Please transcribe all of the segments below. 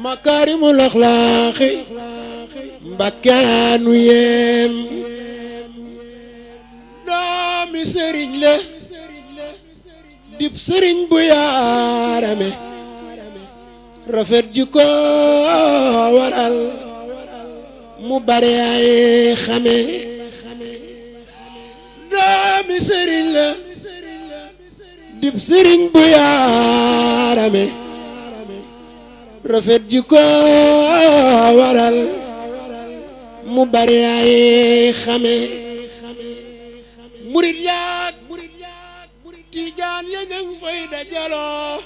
makaarimul axlaaxi mbakkaanu yeem doomi sëriñ la dib sëriñ bu yaarame rafet ji ko waral mu bare ay xame doomi sëriñ la dib sëriñ bu yaarame rafet ji ko waral mu bari ay xame murit yaag tiijaan ya ñañ fay dajaloo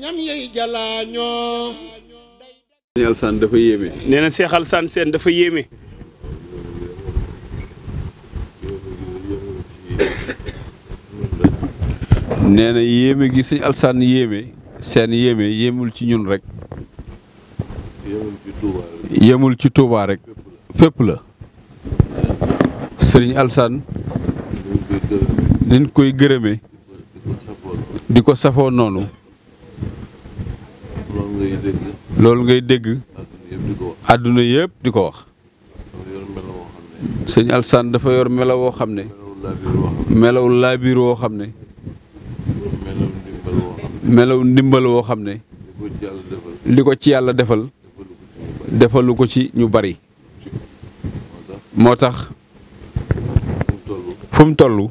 ñam yey jalaañoo nee na Cheikh Alassane dafa yéeme nee yéeme nee na yéeme yéeme seen yéeme yéemul ci ñun rek yéemul ci Touba rek fépp la sëriñ Alsaan niñ koy gërëme di ko safoo noonu loolu ngay dégg àdduna yëpp di ko wax sëñ Alsaan dafa yor melaw woo xam ne melaw laabiir woo xam ne melaw ndimbal woo xam ne li ko ci yàlla defal defalu ko ci ñu bari moo tax fu mu tollu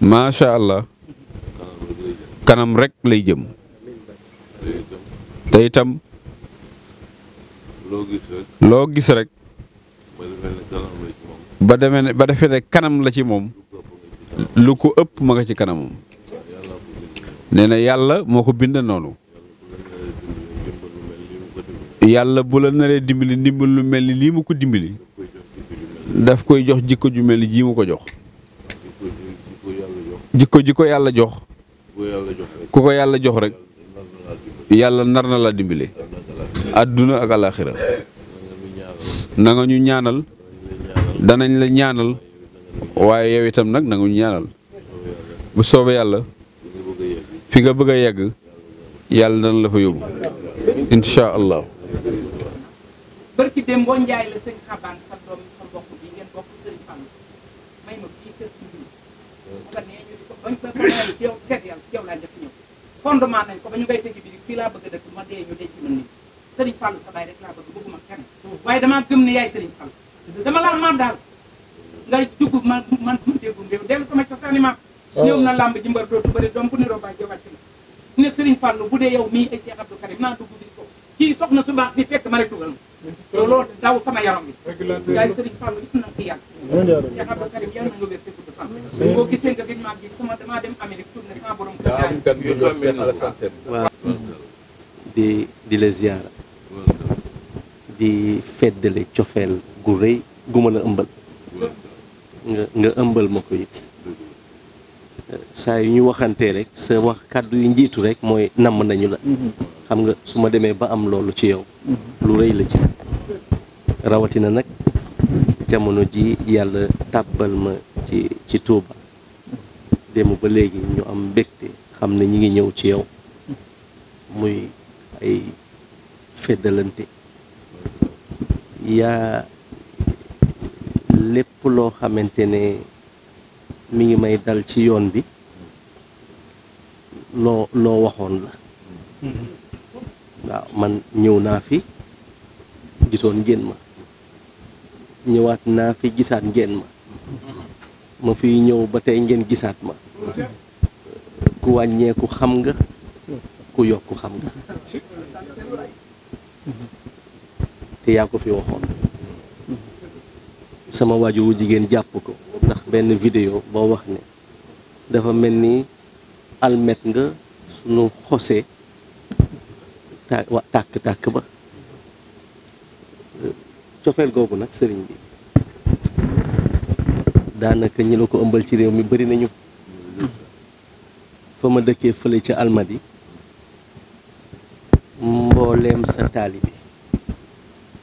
macha allah kanam rek lay jëm te itam loo gis rek ba demee ba defee ne kanam la ci moom lu ko ëpp ma nga ci kanamam nee na yàlla moo ko bind noonu yàlla bu la naree dimbali ndimbal lu mel ni lii mu ko dimbali daf koy jox jikko ju mel ni jii mu ko jox jikko ji ko yàlla jox ku ko yàlla jox rek yàlla nar na la dimbali àdduna ak alaxira na ñu ñaanal danañ la ñaanal waaye yow itam nag na nga ñu ñaanal bu soobee yàlla fi nga bëgg a yegg yàlla dana la fa yóbbu incha allah. barki dem boo njaay la sëñ xabaan sa doom sa mbokk bi ngeen bokk sëñ Fallou may a sa baay rek laa bëgg bëgguma kenn waaye damaa gëm ne yaay sëriñ Fallou dama laa maam daal nga jugg man man déggu mbéew dellu sama cosaani maam Oh. ñëw na làmb ji mbar dootu bëri doom bu niroo bàyyi jo wàcc na ne Serigne Fallou bu dee yow mii ay Cheikh Abdou Karim naa dugg bis ko kii soxna su baax si fekk ma rek dugal ma daw sama yaram bi di di di feddale cofeel gu rëy gu ma la ëmbal nga ëmbal ma ko it saa yu ñu waxantee rek sa wax kàddu yu njiitu rek mooy namm nañu la xam nga su ma demee ba am loolu ci yow lu rëy la ci rawatina nag jamono ji yàlla tàbbal ma ci ci démb ba léegi ñu am mbégte xam ne ñu ngi ñëw ci yow muy ay feddalante yaa lépp loo xamante ne mu ngi may dal ci yoon bi loo loo waxoon la waaw man ñëw naa fi gisoon ngeen ma ñëwaat naa fi gisaat ngeen ma ma fiy ñëw ba tey ngeen gisaat ma ku wàññeeku xam nga ku yokk xam nga te yaa ko fi waxoon sama waajur wu jigéen jàpp ko ndax benn vidéo boo wax ne dafa mel ni almet nga sunu xose tàkk-tàkk ba cofeel googu nag sëriñ bi daanaka ñi la ko ëmbal ci réew mi bari nañu fa ma dëkkee fële ca almadi mbooleem sa taalibi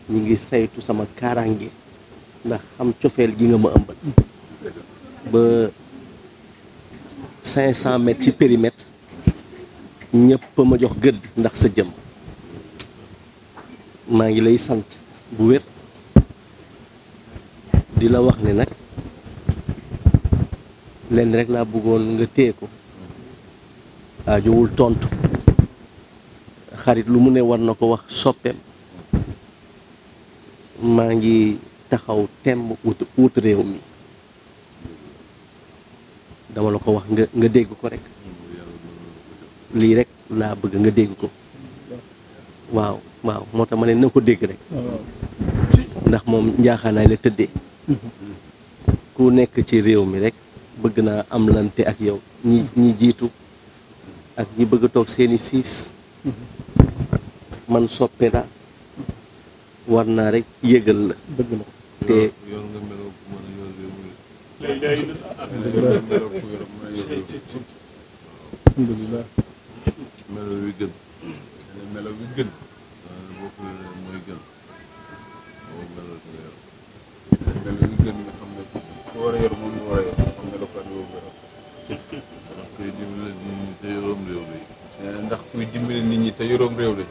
ñu ngi saytu sama kaaraange ndax xam cofeel gi nga ma ëmbal ba cinq cent mètres ci périmètre ñëpp ma jox gëdd ndax sa jëm maa ngi lay sant bu wér di la wax ni nag lenn rek laa bëggoon nga téye ko aajowul tontu xarit lu mu ne war na ko wax soppeem maa ngi taxaw temb wut wut réew mi dama la ko wax nga nga dégg ko rek lii rek laa bëgg nga dégg ko waaw waaw moo tax ma ne na ko dégg rek ndax moom njaaxaanaay la tëdde ku nekk ci réew mi rek bëgg naa am lante ak yow ñi ñi jiitu ak ñi bëgg a toog seeni siis man soppe la war naa rekk yëgal la bëgg te alhamdulilah melo wi gën melo wi gën boo ko yoree mooy gën boo melo ko yor melo wi gën nga xam ne ku war yor moom nga war a yor xam ne ndax kuy dimbali nit ñi te yoroom réew de ndax kuy dimbali nit ñi te yoroom réew de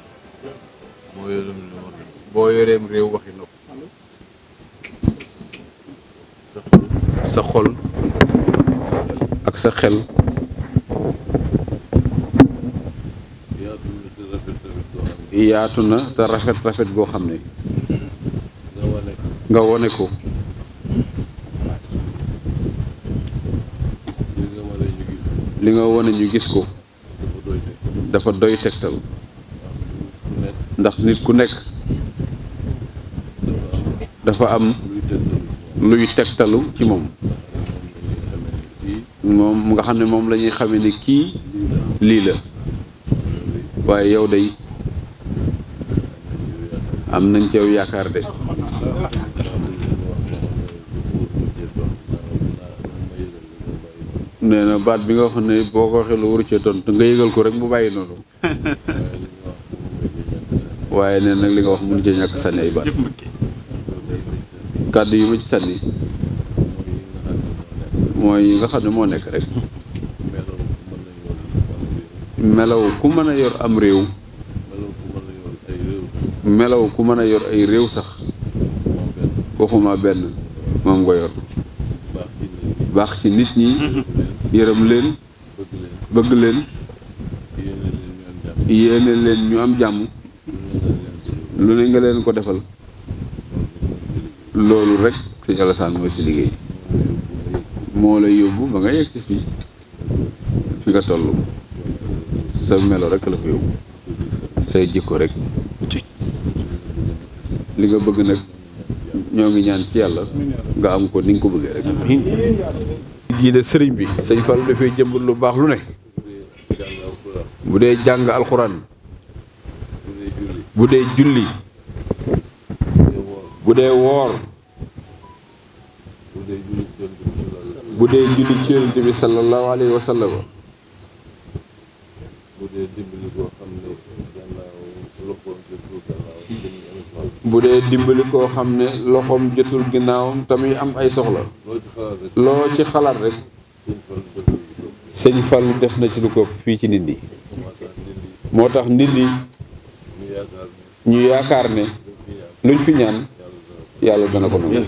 moo yoroom réew boo yoreem réew waxi sa xol ak sa xel yaatu na te rafet rafet boo xam ne nga wone ko li nga wone ñu gis ko dafa doy tegtal ndax nit ku nekk dafa am luy tegtalu ci moom moom mu nga xam ne moom lañuy ñuy xamee ne kii lii la waaye yow de am nañ ci yow yaakaar de nee baat bi nga wax ne boo ko waxee lu waru cee tontu nga yëgal ko rek mu bàyyi noonu waaye nee nag li nga wax mun cee ñàkk sànni ay baat kàddu yi ma ci sànni mooy yi nga xam ne moo nekk rek melaw ku mën a yor am réew melaw ku mën a yor ay réew sax waxuma benn moom nga yor baax ci nit ñi yërëm leen bëgg leen yéene leen ñu am jàmm lu ne nga leen ko defal loolu rek sëñ Alassane mooy si liggéey moo la yóbbu ba nga yegg ci fii nga toll sa melo rek la ko yóbbu say jikko rek li nga bëgg nag ñoo ngi ñaan ci yàlla nga am ko ni nga ko bëggee rek gii de sëriñ bi sëñ Fallu dafay jëmb lu baax lu ne bu dee jàng alxuraan bu dee julli bu dee woor bu dee julli ci yonent bi sallallahu alayhi bu dee dimbali koo xam ne bu loxoom jotul ginnaawam tamit am ay soxla loo ci xalaat rek sëñ Fallu def na ci lu ko fii ci nit ñi moo tax nit ñi ñu yaakaar ne luñ fi ñaan yàlla dana ko nangu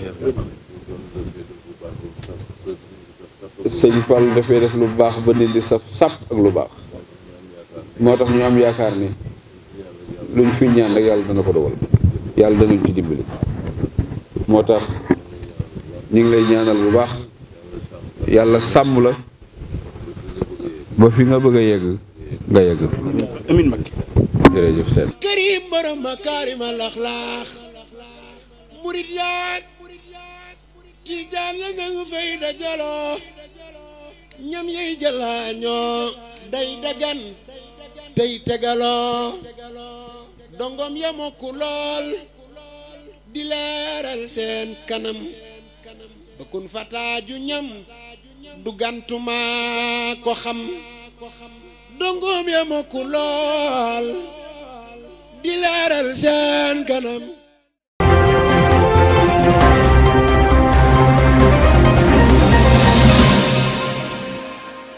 sëñ Fall dafay def lu baax ba ni di saf sàpp ak lu baax moo tax ñu am yaakaar ni luñ fi ñaan ak yàlla dana ko dogal yàlla danañ ci dimbali moo tax ñu ngi lay ñaanal bu baax yàlla sàmm la ba fi nga bëgg a yegg nga yegg fi amiin Mbakke jërëjëf seen karim borom makaarima laxlaax ñam yey jëlaañoo day dagan tey tegaloo dongom ya lool di leeral seen kanam bëkkun fataaju ñam du gantumaa ko xam dongoom ya lool di leeral seen kanam